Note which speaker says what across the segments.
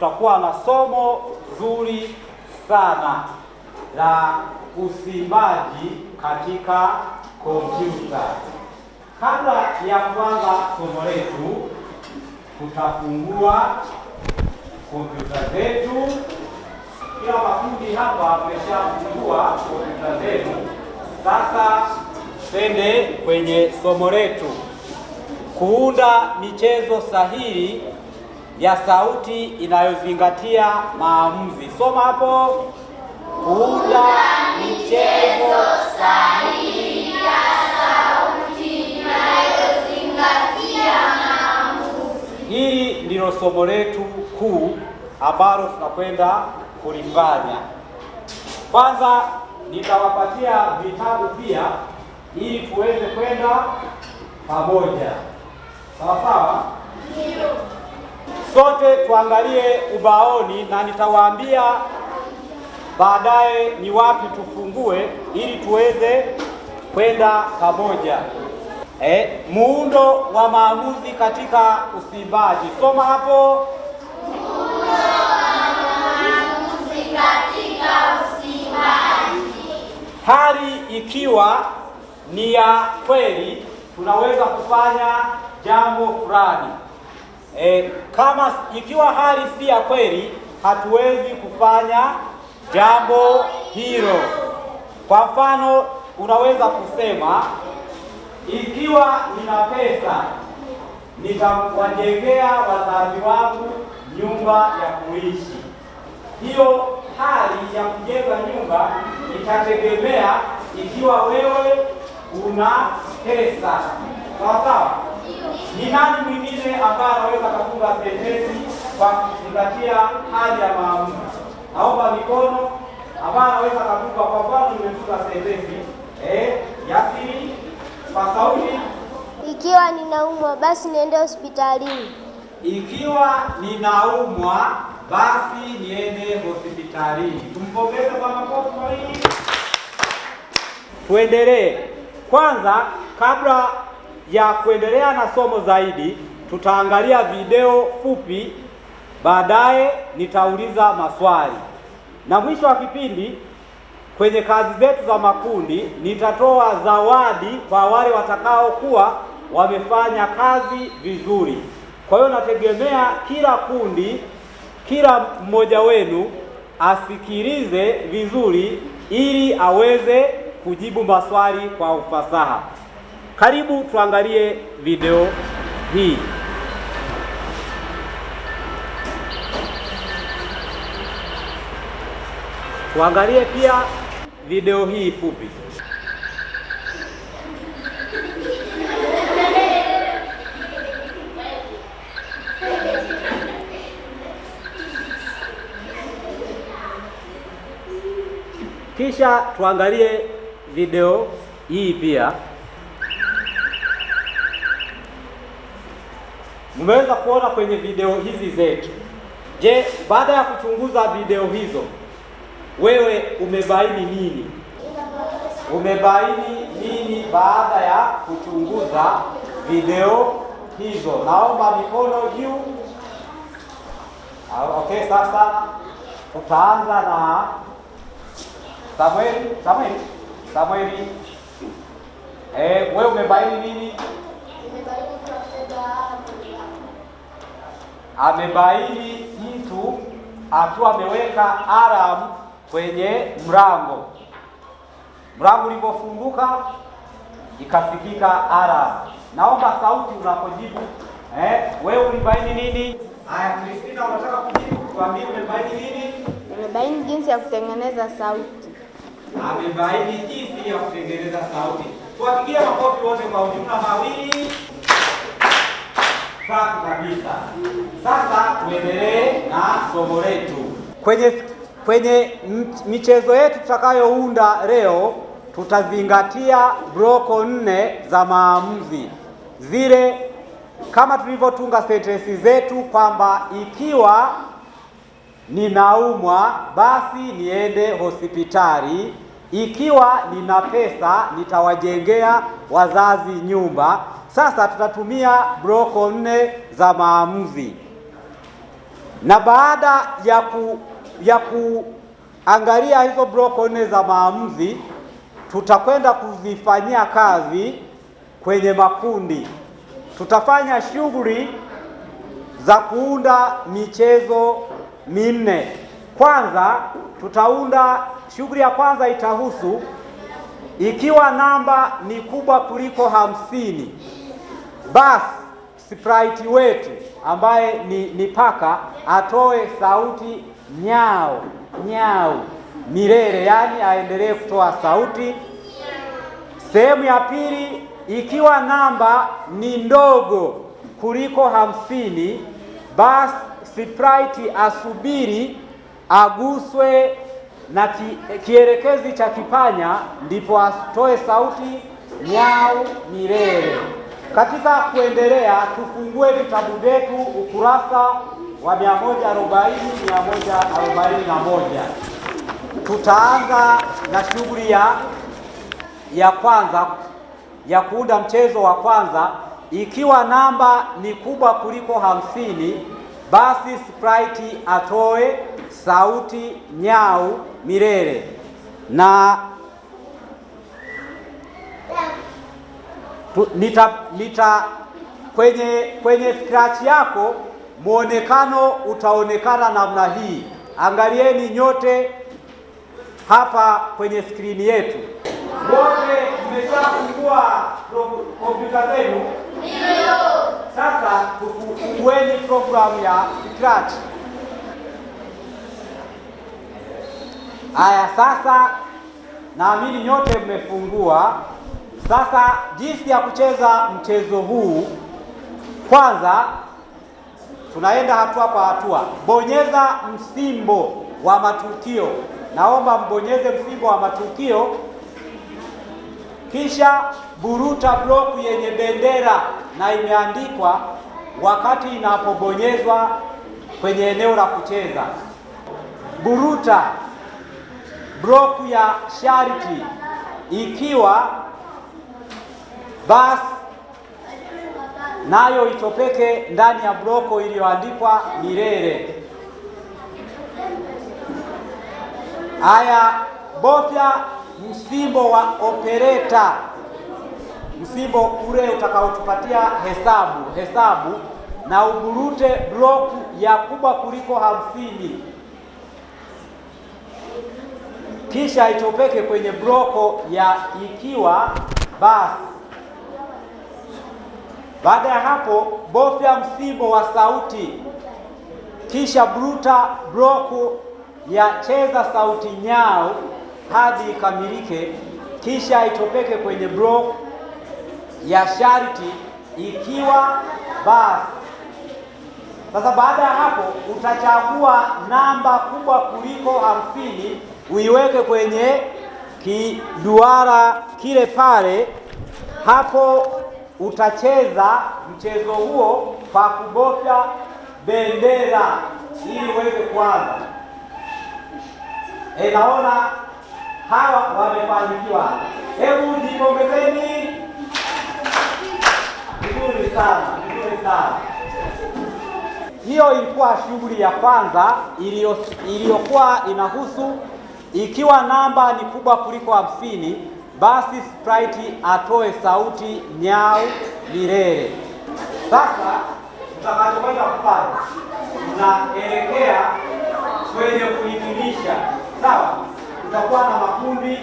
Speaker 1: tutakuwa na somo zuri sana la usimbaji katika kompyuta. Kabla ya kuanza somo letu, tutafungua kompyuta zetu. Kila makundi hapa ameshafungua kompyuta zetu. Sasa twende kwenye somo letu, kuunda michezo sahihi ya sauti inayozingatia maamuzi. Soma hapo.
Speaker 2: Kuunda michezo sahihi ya sauti inayozingatia maamuzi.
Speaker 1: Hili ndilo somo letu kuu ambalo tunakwenda kulifanya. Kwanza nitawapatia vitabu pia ili tuweze kwenda pamoja, sawa sawa? Ndio sote tuangalie ubaoni, na nitawaambia baadaye ni wapi tufungue ili tuweze kwenda pamoja. Eh, muundo wa maamuzi katika usimbaji. Soma hapo.
Speaker 2: katika usimbaji.
Speaker 1: Hali ikiwa ni ya kweli tunaweza kufanya jambo fulani. E, kama ikiwa hali si ya kweli, hatuwezi kufanya jambo hilo. Kwa mfano, unaweza kusema ikiwa nina pesa nitawajengea wazazi wangu nyumba ya kuishi. Hiyo hali ya kujenga nyumba itategemea ikiwa wewe una pesa, sawa sawa. Ni nani mwingine ambaye wa seneti kwa kuzingatia hali ya maamuzi. Naomba mikono ambayo anaweza kutupa. Kwa mfano, nimetupa sentensi eh, yasini kwa sauti:
Speaker 3: ikiwa ninaumwa basi niende hospitalini.
Speaker 1: Ikiwa ninaumwa basi niende hospitalini. Tumpongeze kwa makofi mawili. Tuendelee kwanza, kabla ya kuendelea na somo zaidi tutaangalia video fupi, baadaye nitauliza maswali, na mwisho wa kipindi kwenye kazi zetu za makundi nitatoa zawadi kwa wale watakaokuwa wamefanya kazi vizuri. Kwa hiyo nategemea kila kundi, kila mmoja wenu asikilize vizuri ili aweze kujibu maswali kwa ufasaha. Karibu tuangalie video hii. tuangalie pia video hii fupi. Kisha tuangalie video hii pia. Mmeweza kuona kwenye video hizi zetu. Je, baada ya kuchunguza video hizo wewe umebaini nini? Umebaini nini baada ya kuchunguza video hizo? Naomba mikono juu. Ah, okay, sasa utaanza na Samueli. Samueli, Samueli, eh, wewe umebaini nini? Amebaini mtu akiwa ameweka aram kwenye mlango. Mlango ulipofunguka ikafikika ara. Naomba sauti unapojibu. Eh, wewe ulibaini nini? Haya, Kristina unataka kujibu? Tuambie umebaini nini?
Speaker 3: Umebaini jinsi ya kutengeneza sauti.
Speaker 1: Amebaini jinsi ya kutengeneza sauti. Tuwapigie makofi wote kwa ujumla mawili. Safi kabisa. Sasa tuendelee na somo letu. Kwenye kwenye michezo yetu tutakayounda leo tutazingatia broko nne za maamuzi zile, kama tulivyotunga sentensi zetu kwamba ikiwa ninaumwa basi niende hospitali, ikiwa nina pesa nitawajengea wazazi nyumba. Sasa tutatumia broko nne za maamuzi, na baada ya ku ya kuangalia hizo block nne za maamuzi tutakwenda kuzifanyia kazi kwenye makundi. Tutafanya shughuli za kuunda michezo minne. Kwanza tutaunda shughuli ya kwanza itahusu ikiwa namba ni kubwa kuliko hamsini, basi sprite wetu ambaye ni, ni paka atoe sauti nyao nyao milele, yani aendelee kutoa sauti. Sehemu ya pili, ikiwa namba ni ndogo kuliko hamsini, basi sprite asubiri aguswe na ki, kielekezi cha kipanya ndipo atoe sauti nyau milele. Katika kuendelea, tufungue vitabu vyetu ukurasa wa 140 141. Tutaanza na shughuli ya ya kwanza ya kuunda mchezo wa kwanza. Ikiwa namba ni kubwa kuliko hamsini, basi sprite atoe sauti nyau milele na nita, nita kwenye, kwenye scratch yako muonekano utaonekana namna hii. Angalieni nyote hapa kwenye skrini yetu, wote mmeshafungua kompyuta zenu?
Speaker 2: Ndio.
Speaker 1: Sasa tufungueni programu ya Scratch. Haya, sasa naamini nyote mmefungua. Sasa jinsi ya kucheza mchezo huu, kwanza Tunaenda hatua kwa hatua. Bonyeza msimbo wa matukio, naomba mbonyeze msimbo wa matukio, kisha buruta block yenye bendera na imeandikwa wakati inapobonyezwa kwenye eneo la kucheza. Buruta bloku ya sharti ikiwa basi nayo itopeke ndani ya bloko iliyoandikwa milele. Haya, bofya msimbo wa opereta, msimbo ule utakaotupatia hesabu hesabu, na ugurute bloku ya kubwa kuliko hamsini, kisha itopeke kwenye bloko ya ikiwa basi baada ya hapo, bofya msimbo wa sauti, kisha bruta broku ya cheza sauti nyao hadi ikamilike, kisha itopeke kwenye bloku ya sharti ikiwa basi. Sasa baada ya hapo utachagua namba kubwa kuliko hamsini uiweke kwenye kiduara kile pale hapo utacheza mchezo huo pa kubofya bendera ili uweze kuanza. E, naona hawa wamefanikiwa. Hebu jipongezeni. Vizuri sana, vizuri sana. Hiyo ilikuwa shughuli ya kwanza iliyokuwa inahusu ikiwa namba ni kubwa kuliko hamsini basi Sprite atoe sauti nyau milele. Sasa mtakachokwenda kufanya, tunaelekea kwenye kuhitimisha, sawa? Tutakuwa na makundi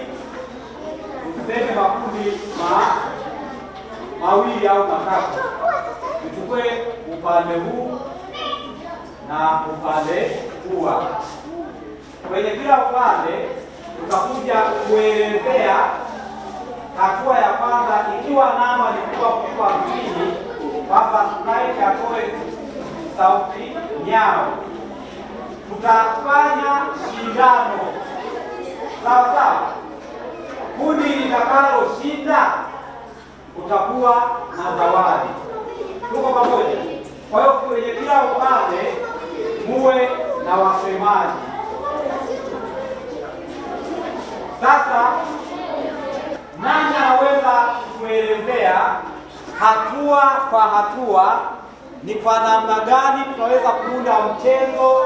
Speaker 1: tuseme makundi ma mawili au matatu, tuchukue upande huu na upande huwa, kwenye kila upande tutakuja kuelezea Hatua ya kwanza, ikiwa namba ni kubwa kuliko hamsini, baba Sulaik atoe sauti nyao Tutafanya shindano sasa Kundi litakalo shinda utakuwa na zawadi. Tuko pamoja? Kwa hiyo kwenye kila upande muwe na wasemaji sasa nani anaweza kuelezea hatua kwa hatua ni kwa namna gani tunaweza kuunda mchezo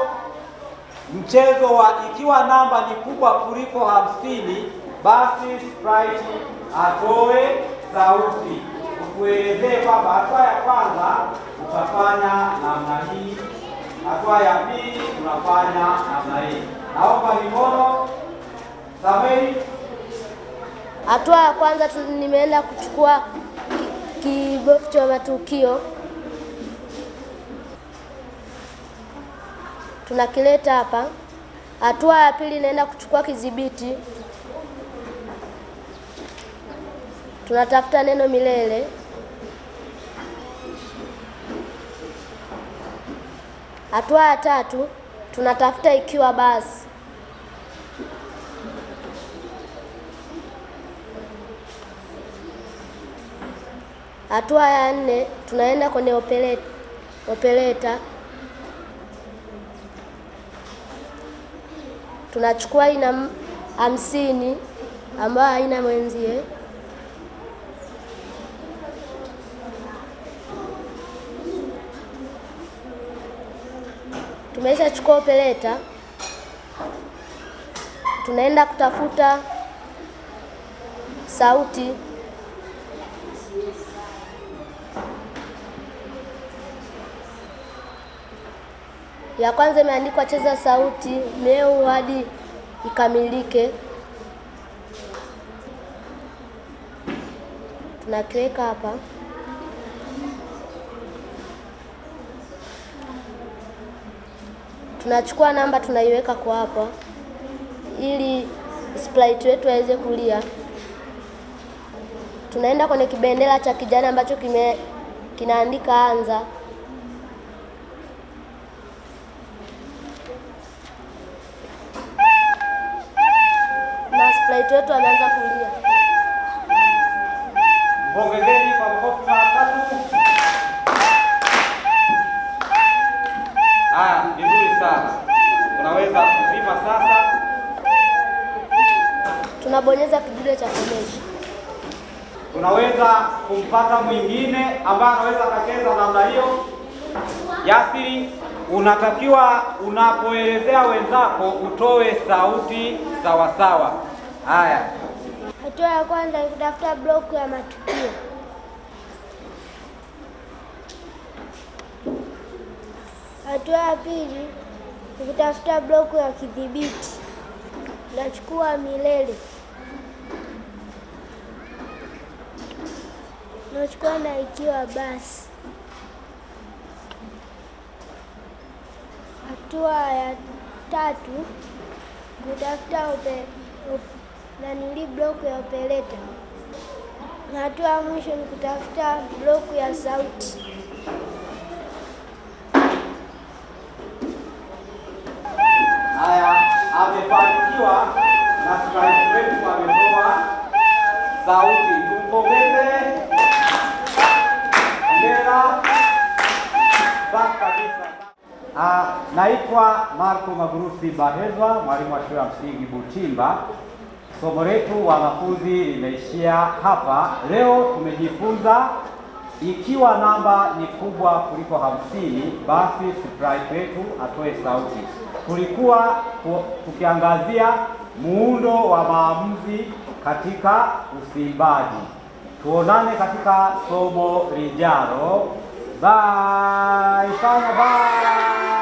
Speaker 1: mchezo wa ikiwa namba ni kubwa kuliko hamsini basi sprite atoe sauti ukuelezee kwamba hatua ya kwanza utafanya namna hii, hatua ya pili unafanya namna hii. Naomba mikono Samei.
Speaker 3: Hatua ya kwanza tu, nimeenda kuchukua kibofu cha matukio, tunakileta hapa. Hatua ya pili, naenda kuchukua kidhibiti, tunatafuta neno milele Hatua ya tatu tunatafuta ikiwa basi. Hatua ya nne tunaenda kwenye opereta, opereta. Tunachukua aina hamsini ambayo haina mwenzie. Tumesha chukua opereta, tunaenda kutafuta sauti. Ya kwanza imeandikwa cheza sauti meu hadi ikamilike. Tunakiweka hapa. Tunachukua namba tunaiweka kwa hapa ili sprite wetu aweze kulia. Tunaenda kwenye kibendera cha kijani ambacho kime kinaandika anza. unabonyeza kidole cha kuonyesha.
Speaker 1: Unaweza kumpata mwingine ambaye anaweza akacheza namna hiyo. Yasiri, unatakiwa unapoelezea wenzako utoe sauti sawasawa. Haya,
Speaker 3: hatua ya kwanza ni kutafuta bloku ya matukio. Hatua ya pili ni kutafuta bloku ya kidhibiti. Nachukua milele tunachukua na ikiwa basi. Hatua ya tatu kutafuta nanili bloku ya opereta, na hatua ya mwisho ni kutafuta bloku ya sauti.
Speaker 1: Haya, amefanikiwa na sauti tumpongeze. Naitwa Marco Magurusi Bahezwa, mwalimu wa shule ya msingi Butimba. Somo letu wanafunzi limeishia hapa. Leo tumejifunza ikiwa namba ni kubwa kuliko hamsini, basi sprite wetu atoe sauti. Tulikuwa tukiangazia muundo wa maamuzi katika usimbaji. Tuonane katika somo lijalo. Bye sana bye.